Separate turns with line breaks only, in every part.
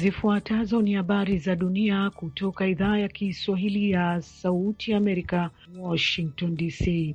Zifuatazo ni habari za dunia kutoka idhaa ya Kiswahili ya Sauti Amerika, Washington DC.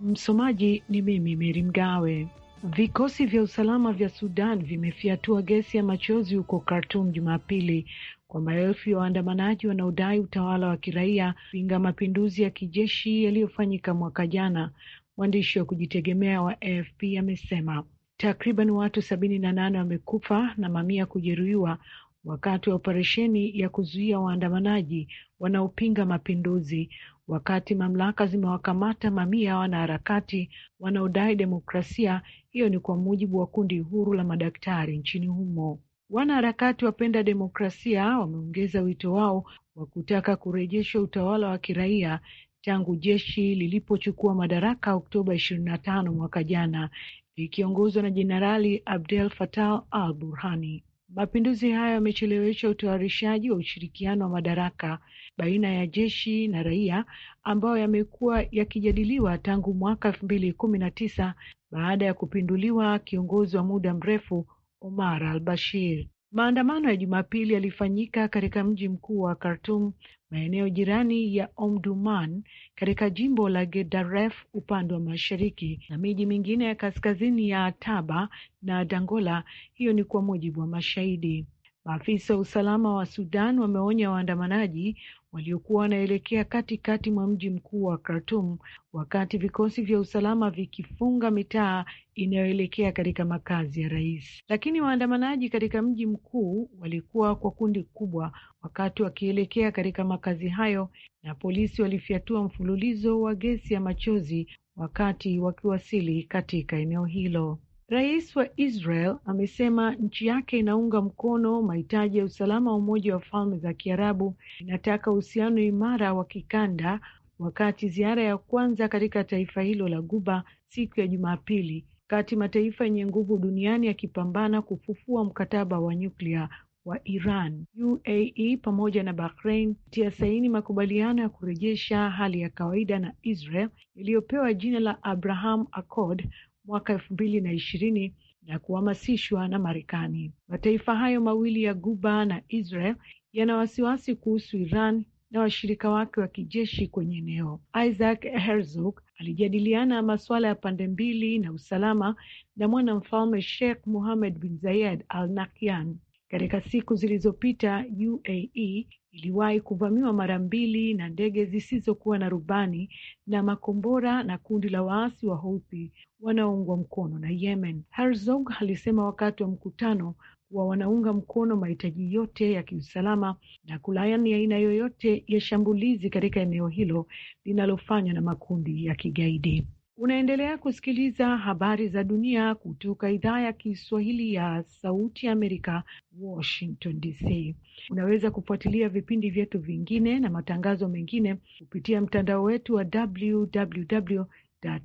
Msomaji ni mimi Meri Mgawe. Vikosi vya usalama vya Sudan vimefiatua gesi ya machozi huko khartum Jumapili kwa maelfu ya waandamanaji wanaodai utawala wa kiraia kupinga mapinduzi ya kijeshi yaliyofanyika mwaka jana. Mwandishi wa kujitegemea wa AFP amesema takriban watu sabini na nane wamekufa na mamia kujeruhiwa wakati wa operesheni ya kuzuia waandamanaji wanaopinga mapinduzi, wakati mamlaka zimewakamata mamia ya wanaharakati wanaodai demokrasia. Hiyo ni kwa mujibu wa kundi huru la madaktari nchini humo. Wanaharakati wapenda demokrasia wameongeza wito wao wa kutaka kurejeshwa utawala wa kiraia tangu jeshi lilipochukua madaraka Oktoba 25 mwaka jana likiongozwa na Jenerali Abdel Fattah al-Burhani. Mapinduzi hayo yamechelewesha utayarishaji wa ushirikiano wa madaraka baina ya jeshi na raia ambayo yamekuwa yakijadiliwa tangu mwaka elfu mbili kumi na tisa baada ya kupinduliwa kiongozi wa muda mrefu Omar al-Bashir. Maandamano ya Jumapili yalifanyika katika mji mkuu wa khartum maeneo jirani ya omduman katika jimbo la Gedaref upande wa mashariki na miji mingine ya kaskazini ya Taba na Dangola. Hiyo ni kwa mujibu wa mashahidi. Maafisa wa usalama wa Sudan wameonya waandamanaji waliokuwa wanaelekea katikati mwa mji mkuu wa khartum wakati vikosi vya usalama vikifunga mitaa inayoelekea katika makazi ya rais. Lakini waandamanaji katika mji mkuu walikuwa kwa kundi kubwa wakati wakielekea katika makazi hayo, na polisi walifyatua mfululizo wa gesi ya machozi wakati wakiwasili katika eneo hilo. Rais wa Israel amesema nchi yake inaunga mkono mahitaji ya usalama wa Umoja wa Falme za Kiarabu, inataka uhusiano imara wa kikanda, wakati ziara ya kwanza katika taifa hilo la Guba siku ya Jumapili, wakati mataifa yenye nguvu duniani yakipambana kufufua mkataba wa nyuklia wa Iran. UAE pamoja na Bahrain tia saini makubaliano ya kurejesha hali ya kawaida na Israel iliyopewa jina la Abraham Accord mwaka elfu mbili na ishirini na kuhamasishwa na Marekani. Mataifa hayo mawili ya Guba na Israel yana wasiwasi kuhusu Iran na washirika wake wa kijeshi kwenye eneo. Isaac Herzog alijadiliana masuala ya pande mbili na usalama na mwanamfalme Sheikh Mohammed bin Zayed Al Nahyan. Katika siku zilizopita UAE iliwahi kuvamiwa mara mbili na ndege zisizokuwa na rubani na makombora na kundi la waasi wa Houthi wanaoungwa mkono na Yemen. Herzog alisema wakati wa mkutano kuwa wanaunga mkono mahitaji yote ya kiusalama na kulaani aina yoyote ya shambulizi katika eneo hilo linalofanywa na makundi ya kigaidi. Unaendelea kusikiliza habari za dunia kutoka idhaa ya Kiswahili ya Sauti ya Amerika, Washington DC. Unaweza kufuatilia vipindi vyetu vingine na matangazo mengine kupitia mtandao wetu wa www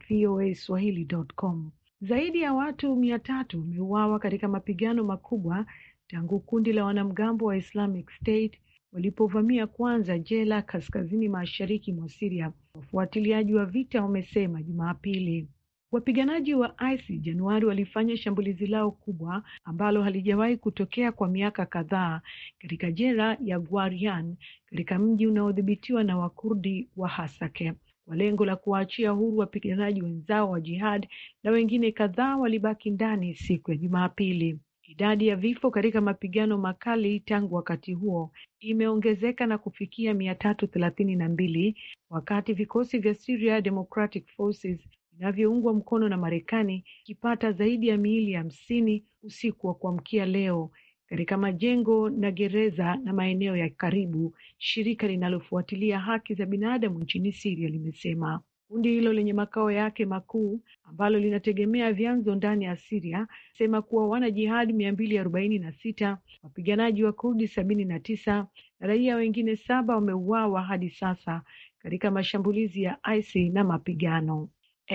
voa swahili.com. Zaidi ya watu mia tatu wameuawa katika mapigano makubwa tangu kundi la wanamgambo wa Islamic State walipovamia kwanza jela kaskazini mashariki mwa Siria, wafuatiliaji wa vita wamesema Jumapili. Wapiganaji wa ISIS Januari walifanya shambulizi lao kubwa ambalo halijawahi kutokea kwa miaka kadhaa katika jela ya Gwarian katika mji unaodhibitiwa na Wakurdi wa Hasake kwa lengo la kuwaachia huru wapiganaji wenzao wa jihad, na wengine kadhaa walibaki ndani siku ya Jumapili. Idadi ya vifo katika mapigano makali tangu wakati huo imeongezeka na kufikia mia tatu thelathini na mbili wakati vikosi vya Syria Democratic Forces vinavyoungwa mkono na Marekani ikipata zaidi ya miili hamsini usiku wa kuamkia leo katika majengo na gereza na maeneo ya karibu, shirika linalofuatilia haki za binadamu nchini Siria limesema. Kundi hilo lenye makao yake makuu ambalo linategemea vyanzo ndani ya Siria sema kuwa wanajihadi mia mbili arobaini na sita wapiganaji wa Kurdi sabini na tisa na raia wengine saba wameuawa hadi sasa katika mashambulizi ya ISI na mapigano.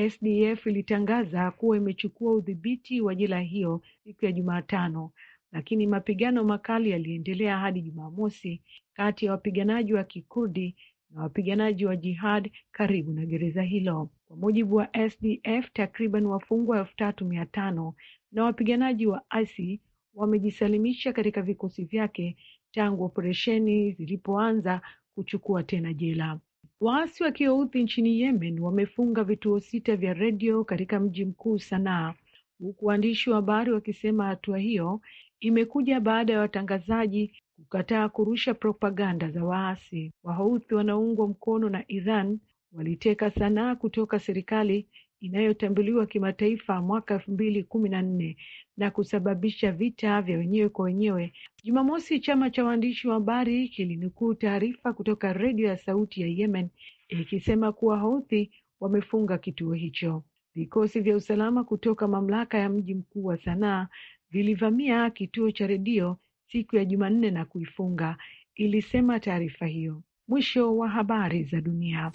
SDF ilitangaza kuwa imechukua udhibiti wa jela hiyo siku ya Jumatano, lakini mapigano makali yaliendelea hadi Jumamosi kati ya wapiganaji wa Kikurdi na wapiganaji wa jihad karibu na gereza hilo. Kwa mujibu wa SDF, takriban wafungwa elfu tatu mia tano na wapiganaji wa ISI wamejisalimisha katika vikosi vyake tangu operesheni zilipoanza kuchukua tena jela. Waasi wa Kihouthi nchini Yemen wamefunga vituo sita vya redio katika mji mkuu Sanaa, huku waandishi wa habari wakisema hatua hiyo imekuja baada ya watangazaji kukataa kurusha propaganda za waasi Wahouthi wanaoungwa mkono na Iran waliteka Sanaa kutoka serikali inayotambuliwa kimataifa mwaka elfu mbili kumi na nne na kusababisha vita vya wenyewe kwa wenyewe. Jumamosi, chama cha waandishi wa habari kilinukuu taarifa kutoka redio ya sauti ya Yemen ikisema kuwa Houthi wamefunga kituo hicho. Vikosi vya usalama kutoka mamlaka ya mji mkuu wa Sanaa vilivamia kituo cha redio siku ya Jumanne na kuifunga, ilisema taarifa hiyo. Mwisho wa habari za dunia.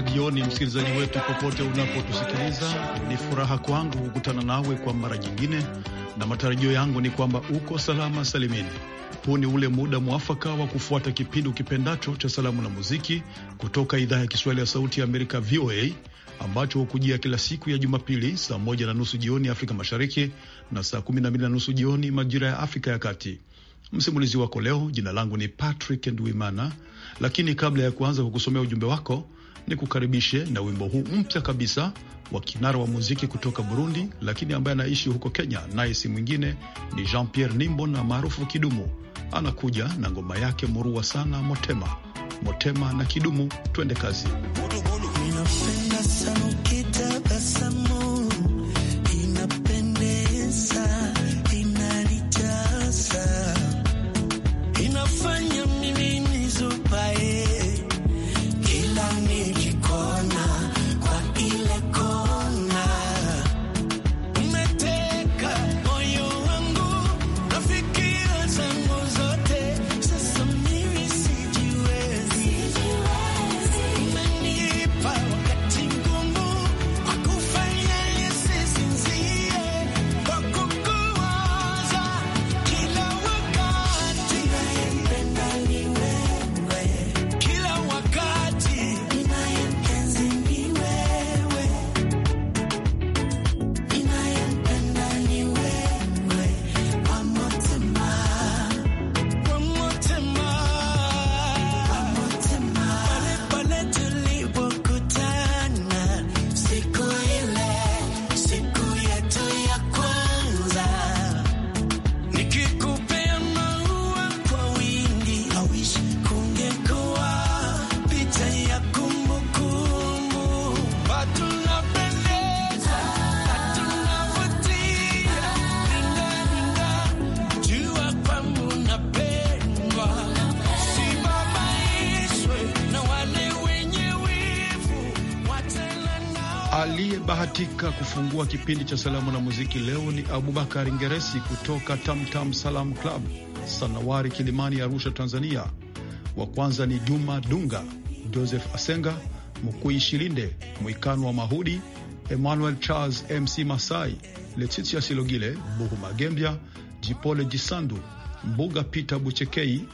za jioni, msikilizaji wetu popote unapotusikiliza, ni furaha kwangu kukutana nawe kwa mara nyingine, na matarajio yangu ni kwamba uko salama salimini. Huu ni ule muda mwafaka wa kufuata kipindi ukipendacho cha salamu na muziki kutoka idhaa ya Kiswahili ya Sauti ya Amerika, VOA, ambacho hukujia kila siku ya Jumapili saa moja na nusu jioni Afrika Mashariki na saa kumi na mbili na nusu jioni majira ya Afrika ya Kati. Msimulizi wako leo, jina langu ni Patrick Ndwimana, lakini kabla ya kuanza kukusomea ujumbe wako ni kukaribishe na wimbo huu mpya kabisa wa kinara wa muziki kutoka Burundi, lakini ambaye anaishi huko Kenya, naye si mwingine ni Jean Pierre Nimbo na maarufu Kidumu. Anakuja na ngoma yake murua sana, Motema Motema na Kidumu, twende kazi. Bulu, bulu. katika kufungua kipindi cha salamu na muziki leo ni Abubakar Ngeresi kutoka Tamtam Tam Salam Club, Sanawari, Kilimani, Arusha, Tanzania. Wa kwanza ni Juma Dunga, Joseph Asenga, Mkui Shilinde, Mwikano wa Mahudi, Emmanuel Charles, Mc Masai, Letitia Silogile, Buhumagembya, Jipole Jisandu, Mbuga Peter Buchekei,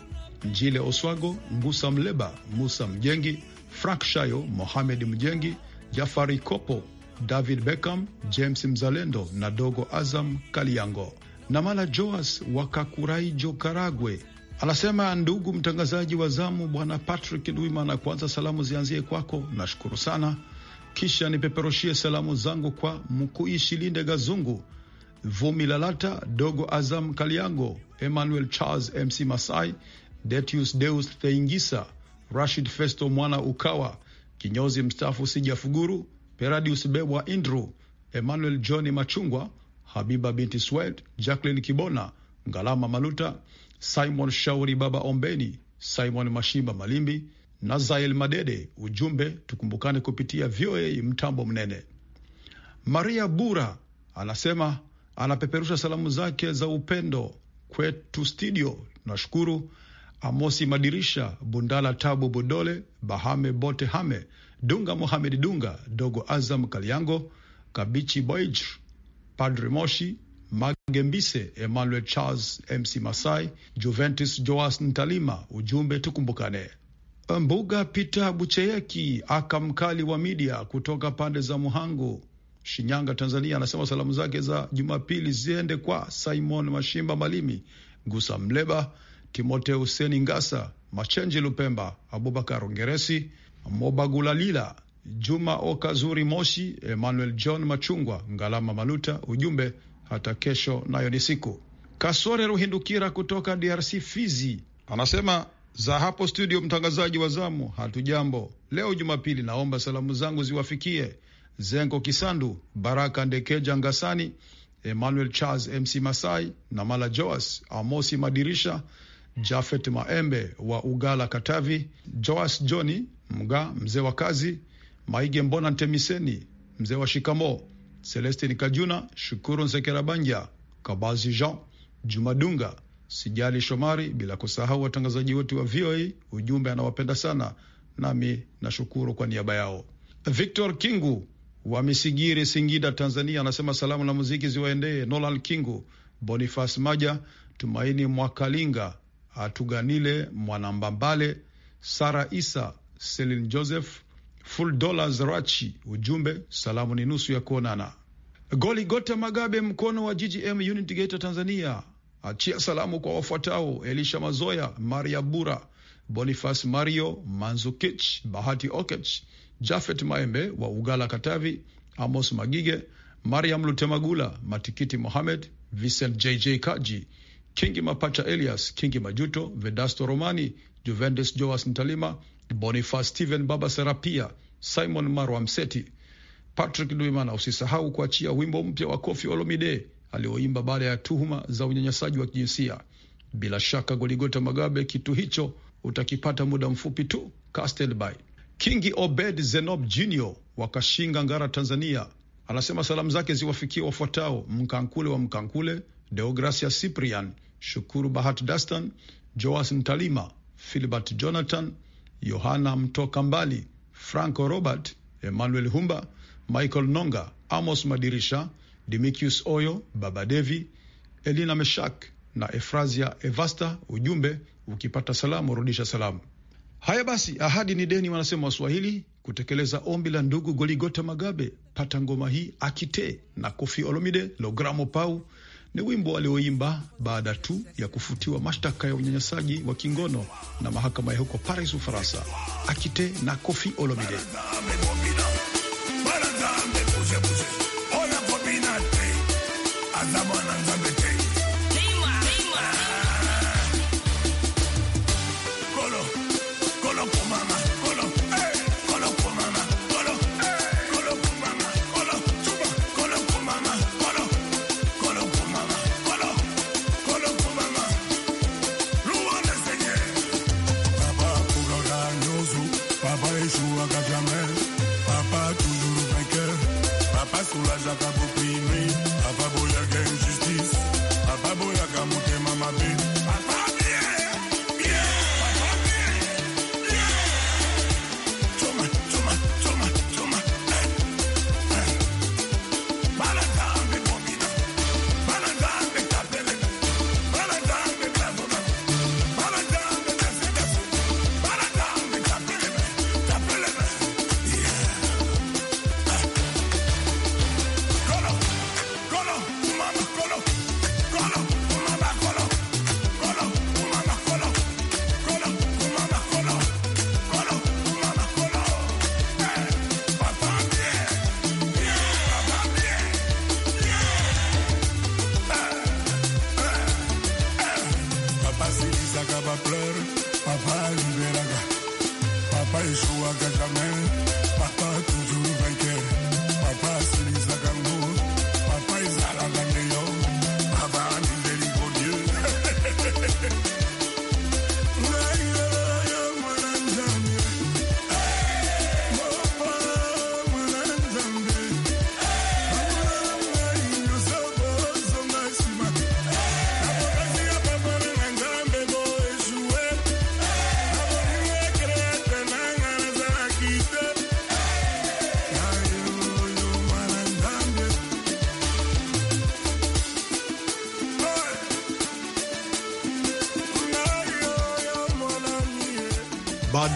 Njile Oswago, Ngusa Mleba, Musa Mjengi, Frank Shayo, Mohamed Mjengi, Jafari Kopo David Beckham, James Mzalendo na Dogo Azam Kaliango. Namala Joas wa Kakuraijo, Karagwe, anasema ndugu mtangazaji wa zamu, Bwana Patrick duimana kwanza salamu zianzie kwako, nashukuru sana. Kisha nipeperushie salamu zangu kwa Mkuishilinde Gazungu, Vumi Lalata, Dogo Azam Kaliango, Emmanuel Charles, MC Masai, Detius Deus Theingisa, Rashid Festo mwana Ukawa, kinyozi mstaafu sijafuguru Fuguru, Peradius Bebwa Indru, Emmanuel Johnny Machungwa, Habiba binti Swed, Jacqueline Kibona, Ngalama Maluta, Simon Shauri, Baba Ombeni, Simon Mashimba Malimbi, Nazael Madede. Ujumbe, tukumbukane kupitia VOA mtambo mnene. Maria Bura anasema anapeperusha salamu zake za upendo kwetu studio, Nashukuru Amosi Madirisha, Bundala Tabu Budole, Bahame Bote Hame, Dunga Mohamed Dunga, Dogo Azam Kaliango, Kabichi Boij, Padre Moshi Magembise, Emmanuel Charles, MC Masai, Juventus Joas Ntalima. Ujumbe tukumbukane. Mbuga Peter Bucheyeki aka mkali wa midia kutoka pande za Muhangu, Shinyanga, Tanzania, anasema salamu zake za Jumapili ziende kwa Simon Mashimba Malimi, Gusa Mleba, timoteo Huseni Ngasa, Machenji Lupemba, Abubakar ngeresi Mobagulalila Juma Okazuri Moshi, Emmanuel John Machungwa, Ngalama Maluta. Ujumbe hata kesho nayo ni siku. Kasore Ruhindukira kutoka DRC Fizi anasema za hapo studio, mtangazaji wa zamu, hatujambo leo Jumapili. Naomba salamu zangu ziwafikie Zengo Kisandu, Baraka Ndekeja Ngasani, Emmanuel Charles Mc Masai na Mala Joas, Amosi Madirisha, Jafet Maembe wa Ugala Katavi, Joas Johnny Mga mzee wa kazi, Maige Mbona Ntemiseni, mzee wa shikamo, Celestin Kajuna, Shukuru Nsekerabanja, Kabazi Jean, Jumadunga, Sijali Shomari, bila kusahau watangazaji wote wa VOA. Ujumbe anawapenda sana, nami nashukuru kwa niaba yao. Victor Kingu wa Misigiri, Singida, Tanzania, anasema salamu na muziki ziwaendee Nolan Kingu, Boniface Maja, Tumaini Mwakalinga, Atuganile Mwanambambale, Sara Isa Selin Joseph Dollars Rachi, Ujumbe salamu ni nusu ya kuonana. Goligota Magabe mkono wa GGM Unit Gate Tanzania, achia salamu kwa wafuatao: Elisha Mazoya, Maria Bura, Bonifas Mario Manzukich, Bahati Okech, Jafet Maembe wa Ugala Katavi, Amos Magige, Mariam Lutemagula, Matikiti Mohamed, Vincent JJ Kaji, Kingi Mapacha, Elias Kingi Majuto, Vedasto Romani, Juventus Joas Ntalima Boniface Steven Baba Serapia, Simon Marwa Mseti, Patrick Duimana. Usisahau kuachia wimbo mpya wa Kofi Olomide alioimba baada ya tuhuma za unyanyasaji wa kijinsia. Bila shaka Goligota Magabe, kitu hicho utakipata muda mfupi tu. Castelby Kingi Obed Zenob jr wa Kashinga, Ngara, Tanzania, anasema salamu zake ziwafikie wafuatao: Mkankule wa Mkankule, Deogracia Cyprian, Shukuru bahat Dastan Joas Ntalima, Filibert Jonathan Yohana Mtoka Mbali, Franco Robert, Emmanuel Humba, Michael Nonga, Amos Madirisha, Dimikius Oyo, Baba Devi, Elina Meshak na Efrazia Evasta. Ujumbe, ukipata salamu rudisha salamu. Haya basi, ahadi ni deni, wanasema Waswahili. Kutekeleza ombi la ndugu Goligota Magabe, pata ngoma hii akite na Kofi Olomide, Logramo Pau ni wimbo walioimba baada tu ya kufutiwa mashtaka ya unyanyasaji wa kingono na mahakama ya huko Paris, Ufaransa. Akite na Kofi Olomide.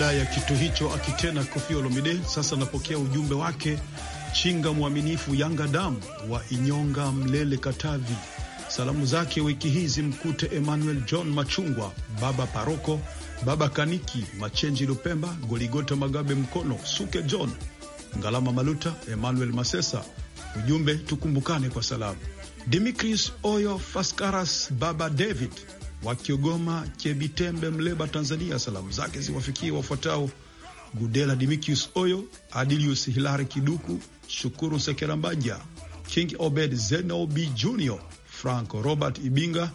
baada ya kitu hicho akitena Koffi Olomide. Sasa napokea ujumbe wake Chinga Mwaminifu Yanga Dam wa Inyonga, Mlele, Katavi. Salamu zake wiki hii zimkute Emmanuel John Machungwa, Baba Paroko, Baba Kaniki, Machenji Lupemba, Goligota Magabe, Mkono Suke, John Ngalama Maluta, Emmanuel Masesa. Ujumbe tukumbukane kwa salamu. Dimitris Oyo Faskaras, Baba David wa Kiogoma, Chebitembe, Mleba, Tanzania. Salamu zake ziwafikie wafuatao: Gudela Dimikius Oyo, Adilius Hilari Kiduku, Shukuru sekerambaja King Obed Zenobi Jr, Franco Robert Ibinga,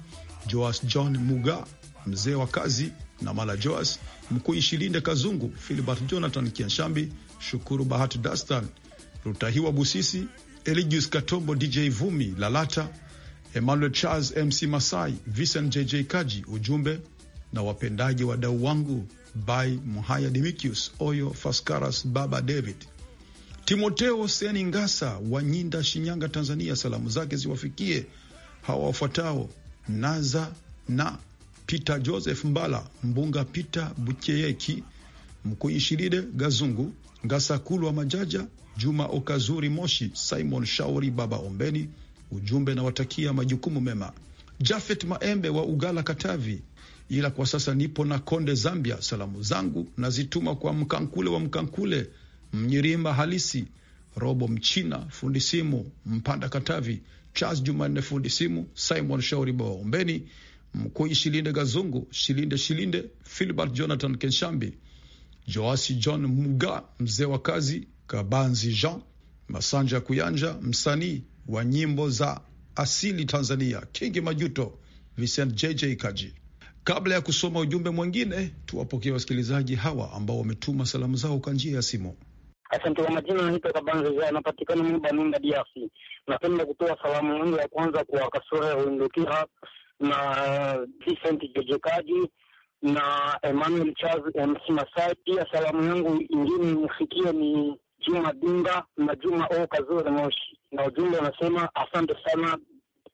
Joas John Muga, mzee wa kazi na Mala Joas Mkuu, Ishilinde Kazungu, Filibert Jonathan Kianshambi, Shukuru Bahati, Dastan Rutahiwa Busisi, Eligius Katombo, DJ Vumi Lalata Emmanuel Charles Mc Masai, Vincent JJ Kaji. Ujumbe na wapendaji wadau wangu by muhaya Demikius Oyo Faskaras Baba David Timoteo Seni Ngasa wa Nyinda, Shinyanga, Tanzania. Salamu zake ziwafikie hawa wafuatao: Naza na Peter Joseph Mbala, Mbunga Peter Bucheyeki, Mkuishiride Gazungu, Ngasakulu wa Majaja, Juma Okazuri Moshi, Simon Shauri, Baba Ombeni Ujumbe nawatakia majukumu mema. Jafet Maembe wa Ugala, Katavi. Ila kwa sasa nipo na Konde, Zambia. Salamu zangu nazituma kwa Mkankule wa Mkankule, Mnyirima halisi, Robo Mchina fundi simu, Mpanda Katavi, Charles Jumanne fundi simu, Simon Shauri Bawaombeni, Mkui Shilinde Gazungu, Shilinde Shilinde, Filbert Jonathan Kenshambi, Joasi John Muga, mzee wa kazi, Kabanzi Jean Masanja Kuyanja, msanii wa nyimbo za asili Tanzania, Kingi Majuto, Vincent JJ Kaji. Kabla ya kusoma ujumbe mwingine, tuwapokee wasikilizaji hawa ambao wametuma salamu zao kwa njia ya simu.
Asante kwa majina, naitwa Kabanzeza, napatikana mimi Minda DRC. Napenda kutoa salamu yangu ya kwanza kwa ya Huindukira na Vincent Jejekaji na Emmanuel Charles MC Masai. Pia salamu yangu ingine imefikia ni Juma Dinga na Juma O Kazore Moshi, na ujumbe unasema asante sana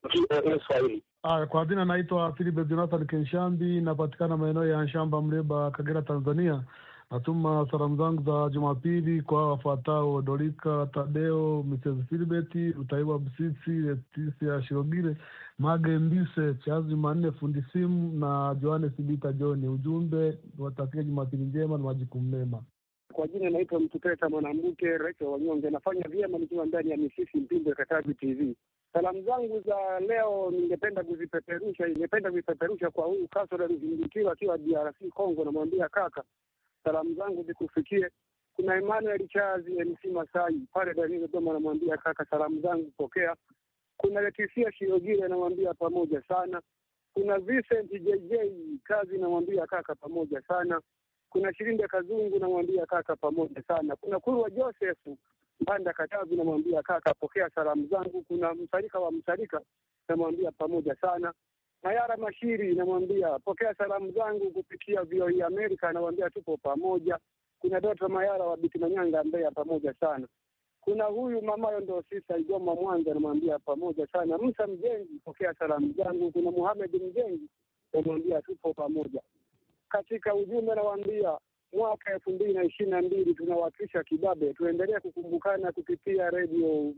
VOA Swahili. Aya, kwa jina naitwa Philip Jonathan Kenshambi, napatikana maeneo ya Nshamba, Mreba, Kagera, Tanzania. Natuma salamu zangu za Jumapili kwa wafuatao: Dorika Tadeo, Mrs Filibeti Utaiwa, Msisi Letisia Shirogile, Mage Mbise, Chazi Manne, fundi simu na Johannes Bita joni Ujumbe watakia Jumapili njema na majukumu mema. Kwa jina naitwa Mtupesa Mwanambuke, rais wa wanyonge. Nafanya vyema nikiwa ndani ya misisi Mpimbwe, Katavi TV. Salamu zangu za leo ningependa kuzipeperusha, ningependa kuzipeperusha kwa huyu Kasore Ruzingikiwa akiwa DRC Congo. Namwambia kaka, salamu zangu zikufikie. Kuna Emmanuel Chazi MC Masai pale Dar es Salaam, kaka, salamu zangu pokea. Kuna Letisia Shiogile namwambia pamoja sana. Kuna Vincent JJ Kazi, namwambia kaka, pamoja sana kuna Shirinda Kazungu namwambia kaka, pamoja sana. Kuna Kurwa Joseph Mpanda Katavi namwambia kaka, pokea salamu zangu. Kuna Msarika wa Msarika namwambia pamoja sana. Mayara Mashiri namwambia pokea salamu zangu kupitia VOA e amerika namwambia tupo pamoja. Kuna Doto Mayara wa Bitimanyanga Mbeya, pamoja sana. Kuna huyu mamayo yondo sisa Igoma Mwanza, namwambia pamoja sana. Musa Mjengi pokea salamu zangu. Kuna Muhamed Mjengi namwambia tupo pamoja katika ujumbe nawaambia, mwaka elfu mbili na ishirini na mbili tunawakilisha kibabe, tuendelee kukumbukana kupitia redio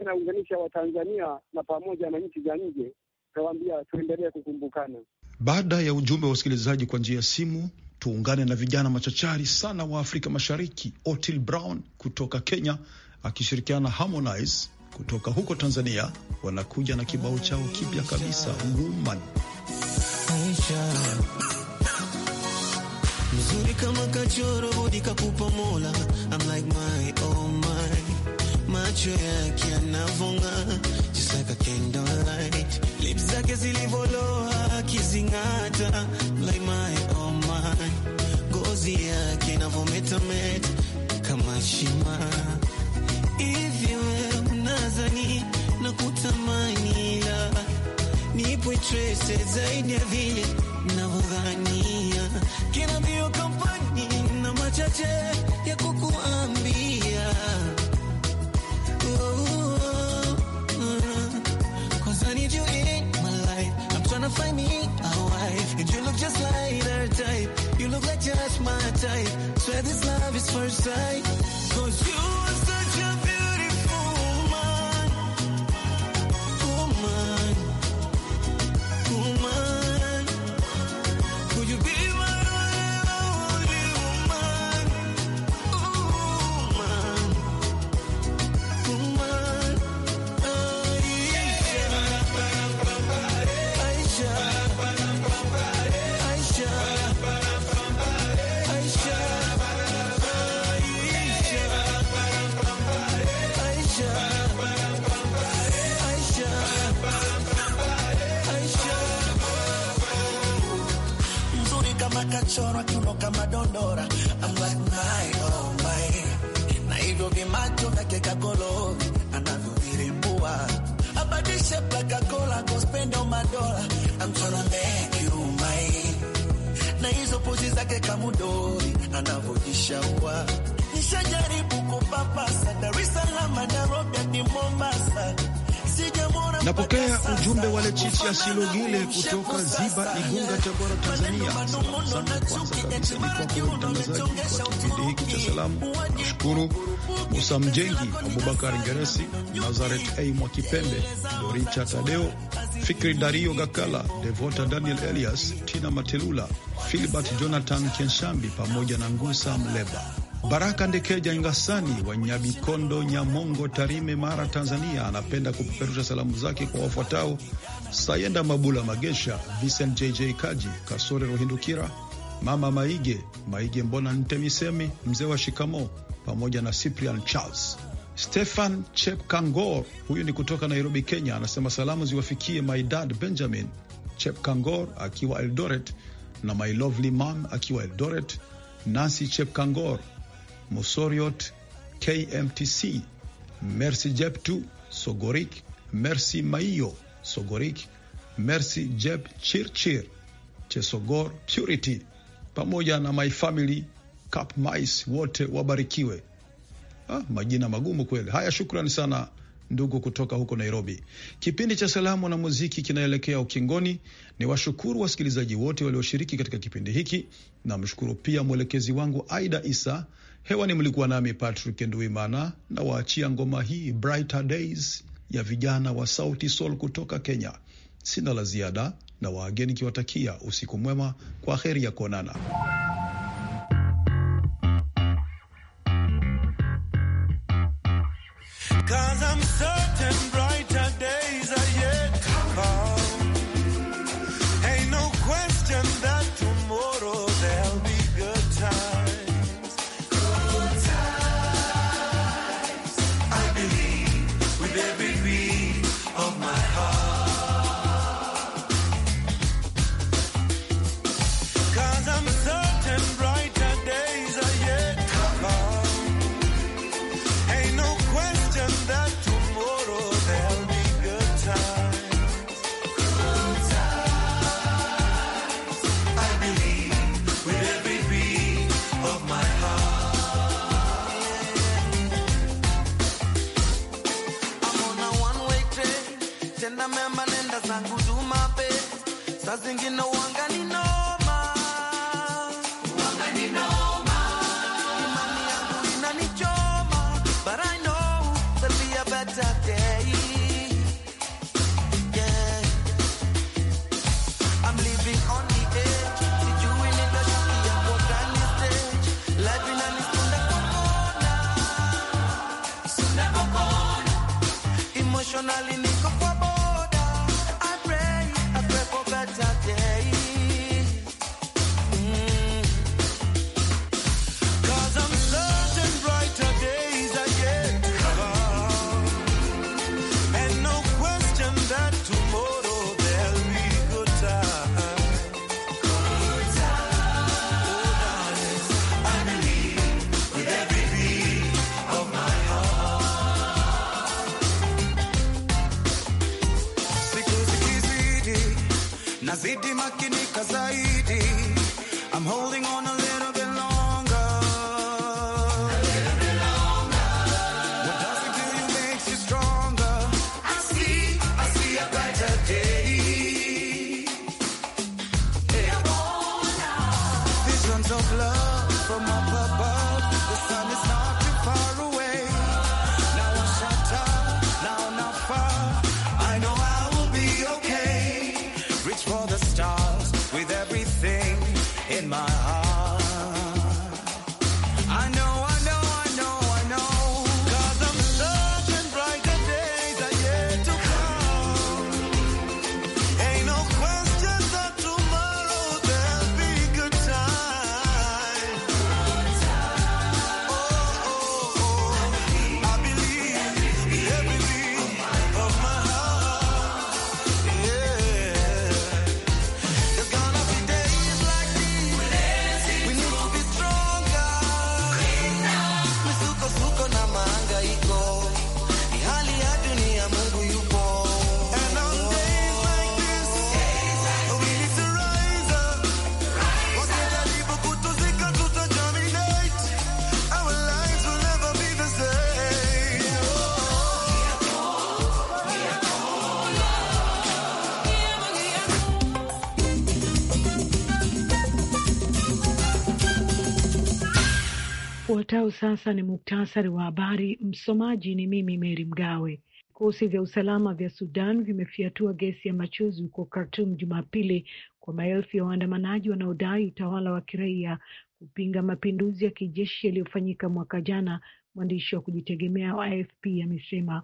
inaunganisha Watanzania na pamoja na nchi za nje. Nawaambia tuendelee kukumbukana.
Baada ya ujumbe wa wasikilizaji kwa njia ya simu, tuungane na vijana machachari sana wa Afrika Mashariki, Otil Brown kutoka Kenya akishirikiana na Harmonize kutoka huko Tanzania, wanakuja na kibao chao kipya kabisa Woman
Kasuri kama kachoro budi kakupomola. I'm like my oh my, macho yake yanavonga just like a candlelight, lips zake zilivoloa kizingata. Like my oh my, gozi yake inavometameta kama shima hivyo, nazani na kutamani, la nipo trese zaidi ya vile kudanganya, kila mbio kampani na machache ya kukuambia oh, oh. find me a wife. And you look just like her type. You look like just my type. Swear this love is first sight. Cause you Napokea ujumbe wa Lechicha Silogile kutoka Ziba, Igunga, Tabora, Tanzania.
Salamu kipindi hiki cha salamu. Nashukuru Musa Mjengi, Abubakar Ngeresi, Nazaret A Mwakipembe, Doricha Tadeo, Fikri Dario Gakala, Devota Daniel Elias, Tina Matelula, Filibert Jonathan Kenshambi pamoja na Ngusa Mleba. Baraka Ndekeja Ngasani wa Nyabikondo, Nyamongo, Tarime, Mara, Tanzania, anapenda kupeperusha salamu zake kwa wafuatao: Sayenda Mabula Magesha, Vincent JJ Kaji, Kasore Rohindukira, Mama Maige Maige, mbona Ntemisemi, mzee wa shikamo, pamoja na Cyprian Charles. Stefan Chepkangor, huyu ni kutoka Nairobi, Kenya, anasema salamu ziwafikie my dad Benjamin Chepkangor akiwa Eldoret na my lovely mom akiwa Eldoret, Nancy Chepkangor Musoriot, KMTC, Mercy Jeptu, Sogorik, Mercy Maiyo, Sogorik, Mercy Jeb Chirchir, Chesogor Purity pamoja na My Family Cap Mice, wote wabarikiwe. Ha, ah, majina magumu kweli. Haya, shukrani sana ndugu kutoka huko Nairobi. Kipindi cha salamu na muziki kinaelekea ukingoni. Ni washukuru wasikilizaji wote walioshiriki katika kipindi hiki. Namshukuru pia mwelekezi wangu Aida Isa. Hewani mlikuwa nami Patrick Nduimana, na waachia ngoma hii Brighter Days ya vijana wa Sauti Sol kutoka Kenya. Sina la ziada na waageni, kiwatakia usiku mwema, kwa heri ya kuonana.
and bright. personal
Ufuatao sasa ni muktasari wa habari. Msomaji ni mimi Meri Mgawe. Vikosi vya usalama vya Sudan vimefiatua gesi ya machozi huko Khartum Jumapili kwa maelfu ya waandamanaji wanaodai utawala wa kiraia kupinga mapinduzi ya kijeshi yaliyofanyika mwaka jana. Mwandishi wa kujitegemea wa AFP amesema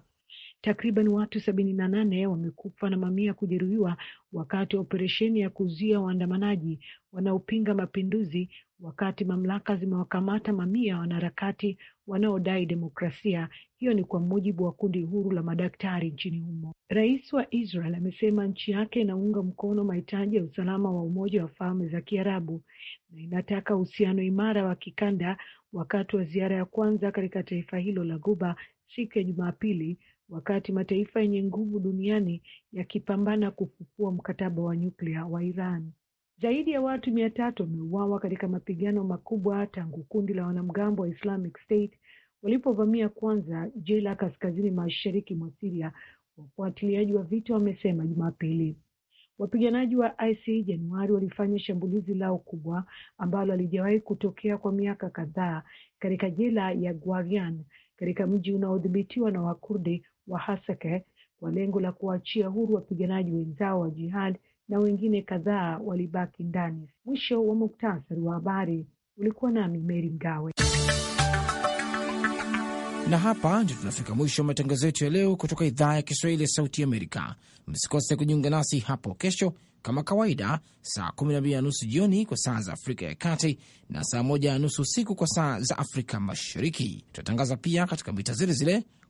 Takriban watu sabini na nane wamekufa na mamia kujeruhiwa wakati wa operesheni ya kuzuia waandamanaji wanaopinga mapinduzi, wakati mamlaka zimewakamata mamia wanaharakati wanaodai demokrasia. Hiyo ni kwa mujibu wa kundi huru la madaktari nchini humo. Rais wa Israel amesema nchi yake inaunga mkono mahitaji ya usalama wa Umoja wa Falme za Kiarabu na inataka uhusiano imara wa kikanda, wakati wa ziara ya kwanza katika taifa hilo la guba siku ya Jumapili wakati mataifa yenye nguvu duniani yakipambana kufufua mkataba wa nyuklia wa Iran. Zaidi ya watu mia tatu wameuawa katika mapigano makubwa tangu kundi la wanamgambo wa Islamic State walipovamia kwanza jela kaskazini mashariki mwa Siria, wafuatiliaji wa vita wamesema Jumapili. Wapiganaji wa IC Januari walifanya shambulizi lao kubwa ambalo halijawahi kutokea kwa miaka kadhaa katika jela ya Gwarian katika mji unaodhibitiwa na Wakurdi Wahasaka eh, kwa lengo la kuachia huru wapiganaji wenzao wa jihad na wengine kadhaa walibaki ndani. Mwisho wa muktasari wa habari ulikuwa nami Meri Mgawe,
na hapa ndio tunafika mwisho wa matangazo yetu ya leo kutoka idhaa ya Kiswahili ya Sauti Amerika. Msikose kujiunga nasi hapo kesho kama kawaida, saa 12 na nusu jioni kwa saa za Afrika ya Kati na saa 1 na nusu usiku kwa saa za Afrika Mashariki. tunatangaza pia katika mita zile zile